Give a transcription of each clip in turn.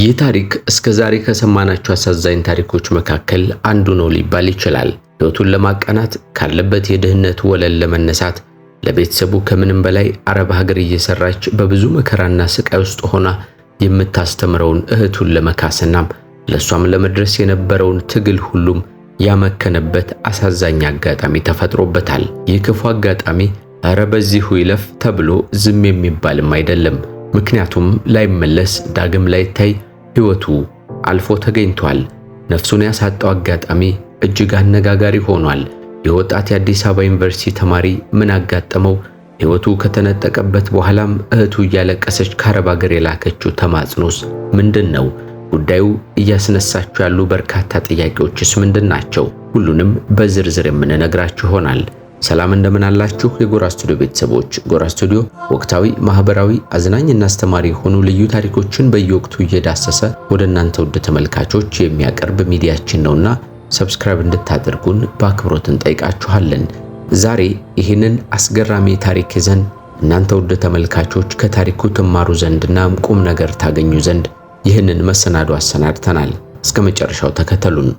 ይህ ታሪክ እስከ ዛሬ ከሰማናቸው አሳዛኝ ታሪኮች መካከል አንዱ ነው ሊባል ይችላል። ሕይወቱን ለማቃናት ካለበት የድህነት ወለል ለመነሳት ለቤተሰቡ ከምንም በላይ አረብ ሀገር እየሰራች በብዙ መከራና ስቃይ ውስጥ ሆና የምታስተምረውን እህቱን ለመካስናም ለእሷም ለመድረስ የነበረውን ትግል ሁሉም ያመከነበት አሳዛኝ አጋጣሚ ተፈጥሮበታል። ይህ ክፉ አጋጣሚ እረ በዚሁ ይለፍ ተብሎ ዝም የሚባልም አይደለም። ምክንያቱም ላይመለስ ዳግም ላይታይ ሕይወቱ አልፎ ተገኝቷል። ነፍሱን ያሳጣው አጋጣሚ እጅግ አነጋጋሪ ሆኗል። የወጣት የአዲስ አበባ ዩኒቨርሲቲ ተማሪ ምን አጋጠመው? ሕይወቱ ከተነጠቀበት በኋላም እህቱ እያለቀሰች ከአረብ አገር የላከችው ተማጽኖስ ምንድን ነው? ጉዳዩ እያስነሳችሁ ያሉ በርካታ ጥያቄዎችስ ምንድን ናቸው? ሁሉንም በዝርዝር የምንነግራችሁ ይሆናል። ሰላም እንደምን አላችሁ የጎራ ስቱዲዮ ቤተሰቦች። ጎራ ስቱዲዮ ወቅታዊ፣ ማህበራዊ፣ አዝናኝ እና አስተማሪ የሆኑ ልዩ ታሪኮችን በየወቅቱ እየዳሰሰ ወደ እናንተ ውድ ተመልካቾች የሚያቀርብ ሚዲያችን ነውና ሰብስክራይብ እንድታደርጉን በአክብሮት እንጠይቃችኋለን። ዛሬ ይህንን አስገራሚ ታሪክ ይዘን እናንተ ውድ ተመልካቾች ከታሪኩ ትማሩ ዘንድና ቁም ነገር ታገኙ ዘንድ ይህንን መሰናዶ አሰናድተናል። እስከ መጨረሻው ተከተሉን።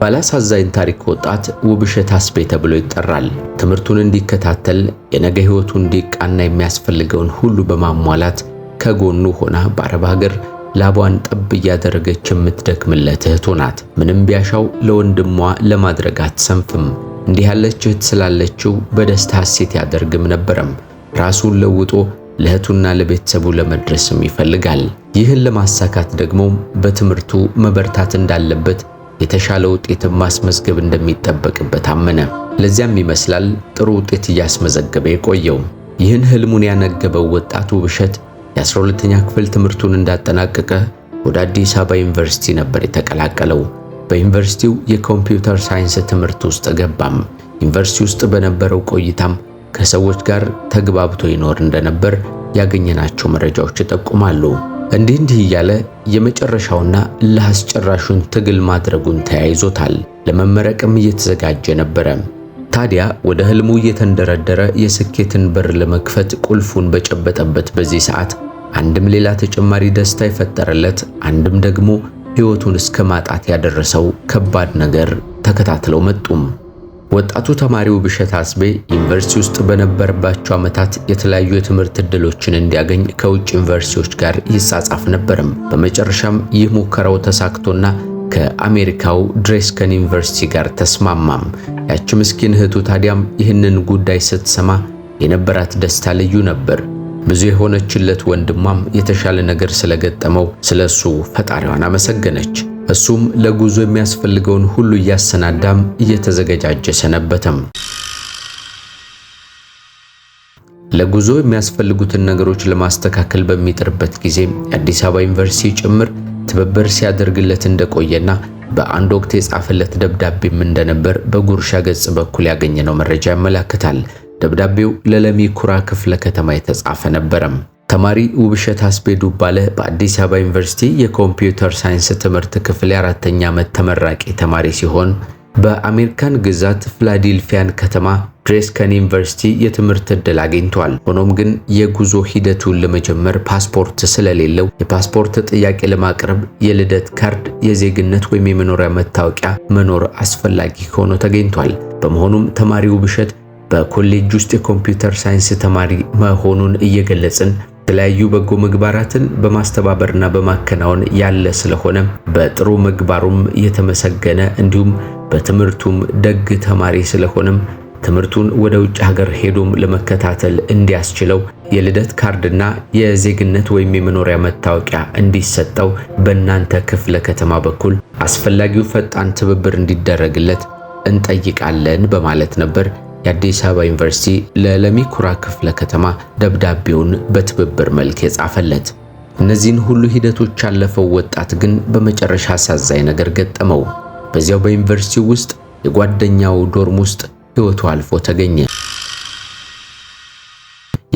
ባላሳዛኝ ታሪክ ወጣት ውብሸት አስቤ ተብሎ ይጠራል። ትምህርቱን እንዲከታተል የነገ ህይወቱ እንዲቃና የሚያስፈልገውን ሁሉ በማሟላት ከጎኑ ሆና በአረብ ሀገር ላቧን ጠብ እያደረገች የምትደክምለት እህቱ ናት። ምንም ቢያሻው ለወንድሟ ለማድረግ አትሰንፍም። እንዲህ ያለች እህት ስላለችው በደስታ ሐሴት ያደርግም ነበረም። ራሱን ለውጦ ለእህቱና ለቤተሰቡ ለመድረስም ይፈልጋል። ይህን ለማሳካት ደግሞ በትምህርቱ መበርታት እንዳለበት የተሻለ ውጤትን ማስመዝገብ እንደሚጠበቅበት አመነ። ለዚያም ይመስላል ጥሩ ውጤት እያስመዘገበ የቆየው። ይህን ህልሙን ያነገበው ወጣቱ ውብሸት የ12ኛ ክፍል ትምህርቱን እንዳጠናቀቀ ወደ አዲስ አበባ ዩኒቨርሲቲ ነበር የተቀላቀለው። በዩኒቨርሲቲው የኮምፒውተር ሳይንስ ትምህርት ውስጥ ገባም። ዩኒቨርሲቲ ውስጥ በነበረው ቆይታም ከሰዎች ጋር ተግባብቶ ይኖር እንደነበር ያገኘናቸው መረጃዎች ይጠቁማሉ። እንዲህ እንዲህ እያለ የመጨረሻውና ለአስጨራሹን ትግል ማድረጉን ተያይዞታል። ለመመረቅም እየተዘጋጀ ነበረ። ታዲያ ወደ ህልሙ እየተንደረደረ የስኬትን በር ለመክፈት ቁልፉን በጨበጠበት በዚህ ሰዓት አንድም ሌላ ተጨማሪ ደስታ የፈጠረለት አንድም ደግሞ ሕይወቱን እስከ ማጣት ያደረሰው ከባድ ነገር ተከታትለው መጡም። ወጣቱ ተማሪው ብሸት አስቤ ዩኒቨርሲቲ ውስጥ በነበረባቸው ዓመታት የተለያዩ የትምህርት እድሎችን እንዲያገኝ ከውጭ ዩኒቨርሲቲዎች ጋር ይጻጻፍ ነበርም። በመጨረሻም ይህ ሙከራው ተሳክቶና ከአሜሪካው ድሬስከን ዩኒቨርሲቲ ጋር ተስማማም። ያች ምስኪን እህቱ ታዲያም ይህንን ጉዳይ ስትሰማ የነበራት ደስታ ልዩ ነበር። ብዙ የሆነችለት ወንድሟም የተሻለ ነገር ስለገጠመው ስለሱ ፈጣሪዋን አመሰገነች። እሱም ለጉዞ የሚያስፈልገውን ሁሉ እያሰናዳም እየተዘገጃጀ ሰነበተም። ለጉዞ የሚያስፈልጉትን ነገሮች ለማስተካከል በሚጥርበት ጊዜ የአዲስ አበባ ዩኒቨርሲቲ ጭምር ትብብር ሲያደርግለት እንደቆየና በአንድ ወቅት የጻፈለት ደብዳቤም እንደነበር በጉርሻ ገጽ በኩል ያገኘነው መረጃ ያመላክታል። ደብዳቤው ለለሚ ኩራ ክፍለ ከተማ የተጻፈ ነበረም። ተማሪ ውብሸት አስቤዱ ባለ በአዲስ አበባ ዩኒቨርሲቲ የኮምፒውተር ሳይንስ ትምህርት ክፍል የአራተኛ ዓመት ተመራቂ ተማሪ ሲሆን በአሜሪካን ግዛት ፊላዴልፊያን ከተማ ድሬስከን ዩኒቨርሲቲ የትምህርት ዕድል አግኝቷል። ሆኖም ግን የጉዞ ሂደቱን ለመጀመር ፓስፖርት ስለሌለው የፓስፖርት ጥያቄ ለማቅረብ የልደት ካርድ፣ የዜግነት ወይም የመኖሪያ መታወቂያ መኖር አስፈላጊ ሆኖ ተገኝቷል። በመሆኑም ተማሪው ብሸት በኮሌጅ ውስጥ የኮምፒውተር ሳይንስ ተማሪ መሆኑን እየገለጽን የተለያዩ በጎ ምግባራትን በማስተባበርና በማከናወን ያለ ስለሆነ በጥሩ ምግባሩም የተመሰገነ እንዲሁም በትምህርቱም ደግ ተማሪ ስለሆነም ትምህርቱን ወደ ውጭ ሀገር ሄዶም ለመከታተል እንዲያስችለው የልደት ካርድና የዜግነት ወይም የመኖሪያ መታወቂያ እንዲሰጠው በእናንተ ክፍለ ከተማ በኩል አስፈላጊው ፈጣን ትብብር እንዲደረግለት እንጠይቃለን በማለት ነበር የአዲስ አበባ ዩኒቨርሲቲ ለለሚኩራ ክፍለ ከተማ ደብዳቤውን በትብብር መልክ የጻፈለት። እነዚህን ሁሉ ሂደቶች ያለፈው ወጣት ግን በመጨረሻ አሳዛኝ ነገር ገጠመው። በዚያው በዩኒቨርሲቲ ውስጥ የጓደኛው ዶርም ውስጥ ሕይወቱ አልፎ ተገኘ።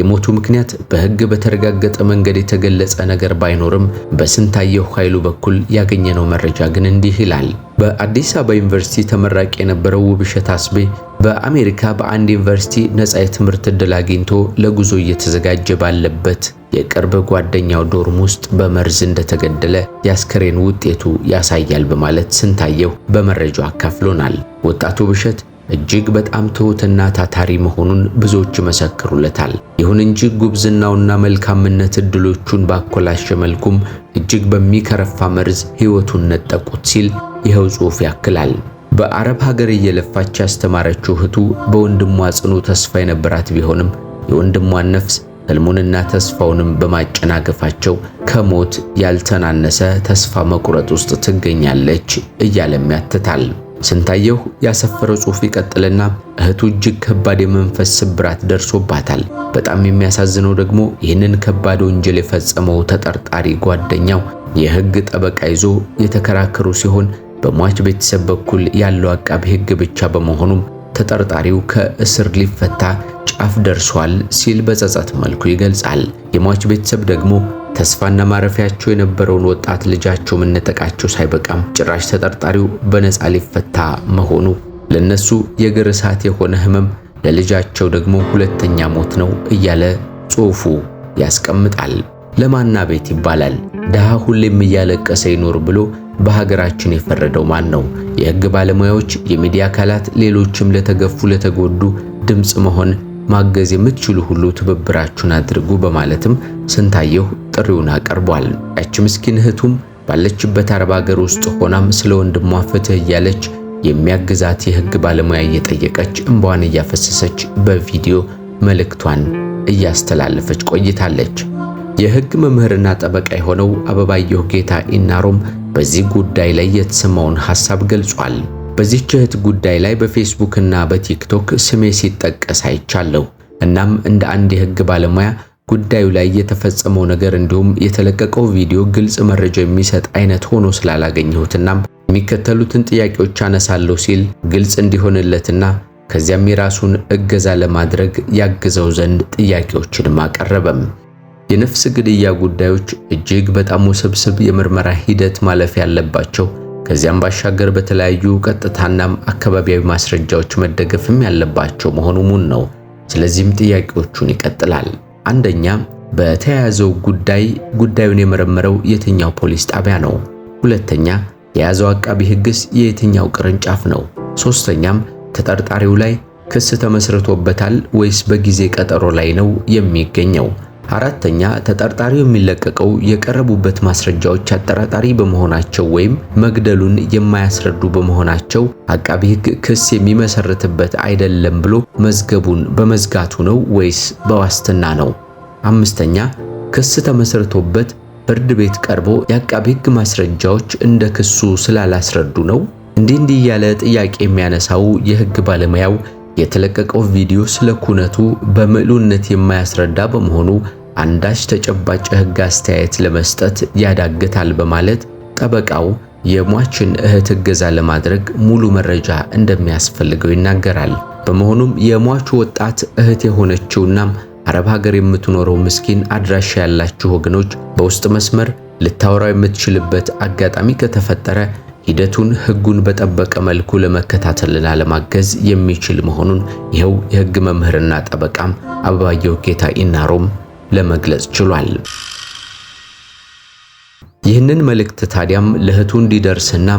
የሞቱ ምክንያት በሕግ በተረጋገጠ መንገድ የተገለጸ ነገር ባይኖርም በስንታየሁ ኃይሉ በኩል ያገኘነው መረጃ ግን እንዲህ ይላል። በአዲስ አበባ ዩኒቨርሲቲ ተመራቂ የነበረው ውብሸት አስቤ በአሜሪካ በአንድ ዩኒቨርሲቲ ነጻ የትምህርት ዕድል አግኝቶ ለጉዞ እየተዘጋጀ ባለበት የቅርብ ጓደኛው ዶርም ውስጥ በመርዝ እንደተገደለ የአስከሬን ውጤቱ ያሳያል በማለት ስንታየው በመረጃው አካፍሎናል። ወጣቱ ውብሸት እጅግ በጣም ትሑትና ታታሪ መሆኑን ብዙዎች ይመሰክሩለታል። ይሁን እንጂ ጉብዝናውና መልካምነት እድሎቹን ባኮላሸ መልኩም እጅግ በሚከረፋ መርዝ ሕይወቱን ነጠቁት ሲል ይኸው ጽሑፍ ያክላል። በአረብ ሀገር እየለፋች ያስተማረችው እህቱ በወንድሟ ጽኑ ተስፋ የነበራት ቢሆንም የወንድሟን ነፍስ ህልሙንና ተስፋውንም በማጨናገፋቸው ከሞት ያልተናነሰ ተስፋ መቁረጥ ውስጥ ትገኛለች እያለም ያትታል። ስንታየሁ ያሰፈረው ጽሑፍ ይቀጥልና እህቱ እጅግ ከባድ የመንፈስ ስብራት ደርሶባታል። በጣም የሚያሳዝነው ደግሞ ይህንን ከባድ ወንጀል የፈጸመው ተጠርጣሪ ጓደኛው የህግ ጠበቃ ይዞ የተከራከሩ ሲሆን በሟች ቤተሰብ በኩል ያለው አቃቢ ህግ ብቻ በመሆኑም ተጠርጣሪው ከእስር ሊፈታ ጫፍ ደርሷል ሲል በጸጸት መልኩ ይገልጻል። የሟች ቤተሰብ ደግሞ ተስፋና ማረፊያቸው የነበረውን ወጣት ልጃቸው መነጠቃቸው ሳይበቃም ጭራሽ ተጠርጣሪው በነፃ ሊፈታ መሆኑ ለነሱ የእግር እሳት የሆነ ህመም ለልጃቸው ደግሞ ሁለተኛ ሞት ነው እያለ ጽሑፉ ያስቀምጣል። ለማና ቤት ይባላል። ድሃ ሁሌም እያለቀሰ ይኖር ብሎ በሀገራችን የፈረደው ማን ነው? የህግ ባለሙያዎች፣ የሚዲያ አካላት፣ ሌሎችም ለተገፉ ለተጎዱ ድምፅ መሆን ማገዝ የምትችሉ ሁሉ ትብብራችሁን አድርጉ በማለትም ስንታየሁ ጥሪውን አቀርቧል። ያች ምስኪን እህቱም ባለችበት አረብ ሀገር ውስጥ ሆናም ስለ ወንድሟ ፍትህ እያለች የሚያግዛት የህግ ባለሙያ እየጠየቀች እንባዋን እያፈሰሰች በቪዲዮ መልእክቷን እያስተላለፈች ቆይታለች። የህግ መምህርና ጠበቃ የሆነው አበባየሁ ጌታ ኢናሮም በዚህ ጉዳይ ላይ የተሰማውን ሐሳብ ገልጿል። በዚህች እህት ጉዳይ ላይ በፌስቡክ እና በቲክቶክ ስሜ ሲጠቀስ አይቻለሁ። እናም እንደ አንድ የህግ ባለሙያ ጉዳዩ ላይ የተፈጸመው ነገር እንዲሁም የተለቀቀው ቪዲዮ ግልጽ መረጃ የሚሰጥ አይነት ሆኖ ስላላገኘሁትና የሚከተሉትን ጥያቄዎች አነሳለሁ ሲል ግልጽ እንዲሆንለትና ከዚያም የራሱን እገዛ ለማድረግ ያግዘው ዘንድ ጥያቄዎችንም አቀረበም። የነፍስ ግድያ ጉዳዮች እጅግ በጣም ውስብስብ የምርመራ ሂደት ማለፍ ያለባቸው ከዚያም ባሻገር በተለያዩ ቀጥታናም አካባቢያዊ ማስረጃዎች መደገፍም ያለባቸው መሆኑ ሙን ነው። ስለዚህም ጥያቄዎቹን ይቀጥላል። አንደኛ፣ በተያያዘው ጉዳይ ጉዳዩን የመረመረው የትኛው ፖሊስ ጣቢያ ነው? ሁለተኛ፣ የያዘው አቃቢ ሕግስ የየትኛው ቅርንጫፍ ነው? ሶስተኛም፣ ተጠርጣሪው ላይ ክስ ተመስርቶበታል ወይስ በጊዜ ቀጠሮ ላይ ነው የሚገኘው? አራተኛ ተጠርጣሪው የሚለቀቀው የቀረቡበት ማስረጃዎች አጠራጣሪ በመሆናቸው ወይም መግደሉን የማያስረዱ በመሆናቸው አቃቢ ሕግ ክስ የሚመሰርትበት አይደለም ብሎ መዝገቡን በመዝጋቱ ነው ወይስ በዋስትና ነው? አምስተኛ ክስ ተመስርቶበት ፍርድ ቤት ቀርቦ የአቃቢ ሕግ ማስረጃዎች እንደ ክሱ ስላላስረዱ ነው? እንዲህ እንዲህ ያለ ጥያቄ የሚያነሳው የህግ ባለሙያው የተለቀቀው ቪዲዮ ስለ ኩነቱ በምዕሉነት የማያስረዳ በመሆኑ አንዳች ተጨባጭ ሕግ አስተያየት ለመስጠት ያዳግታል በማለት ጠበቃው የሟችን እህት እገዛ ለማድረግ ሙሉ መረጃ እንደሚያስፈልገው ይናገራል። በመሆኑም የሟቹ ወጣት እህት የሆነችውና አረብ ሀገር የምትኖረው ምስኪን አድራሻ ያላችሁ ወገኖች በውስጥ መስመር ልታወራው የምትችልበት አጋጣሚ ከተፈጠረ ሂደቱን ህጉን በጠበቀ መልኩ ለመከታተልና ለማገዝ የሚችል መሆኑን ይኸው የህግ መምህርና ጠበቃም አበባየሁ ጌታ ኢናሮም ለመግለጽ ችሏል። ይህንን መልእክት ታዲያም ለእህቱ እንዲደርስና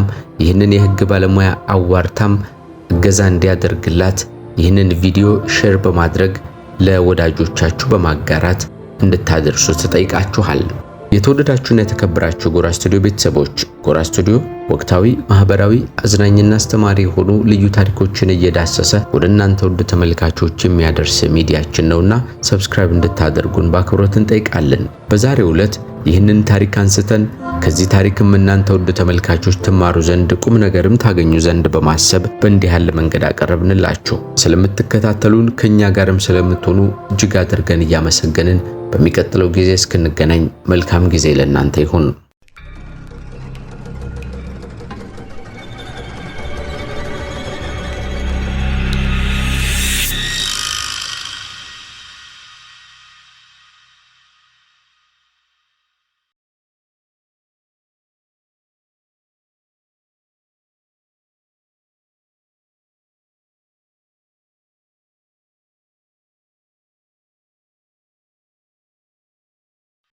ይህንን የህግ ባለሙያ አዋርታም እገዛ እንዲያደርግላት ይህንን ቪዲዮ ሼር በማድረግ ለወዳጆቻችሁ በማጋራት እንድታደርሱ ትጠይቃችኋል። የተወደዳችሁና የተከበራችሁ ጎራ ስቱዲዮ ቤተሰቦች ጎራ ስቱዲዮ ወቅታዊ፣ ማህበራዊ፣ አዝናኝና አስተማሪ የሆኑ ልዩ ታሪኮችን እየዳሰሰ ወደ እናንተ ውድ ተመልካቾች የሚያደርስ ሚዲያችን ነውና ሰብስክራይብ እንድታደርጉን በአክብሮት እንጠይቃለን። በዛሬው ዕለት ይህንን ታሪክ አንስተን ከዚህ ታሪክም እናንተ ውድ ተመልካቾች ትማሩ ዘንድ ቁም ነገርም ታገኙ ዘንድ በማሰብ በእንዲህ ያለ መንገድ አቀረብንላችሁ። ስለምትከታተሉን ከኛ ጋርም ስለምትሆኑ እጅግ አድርገን እያመሰገንን በሚቀጥለው ጊዜ እስክንገናኝ መልካም ጊዜ ለእናንተ ይሁን።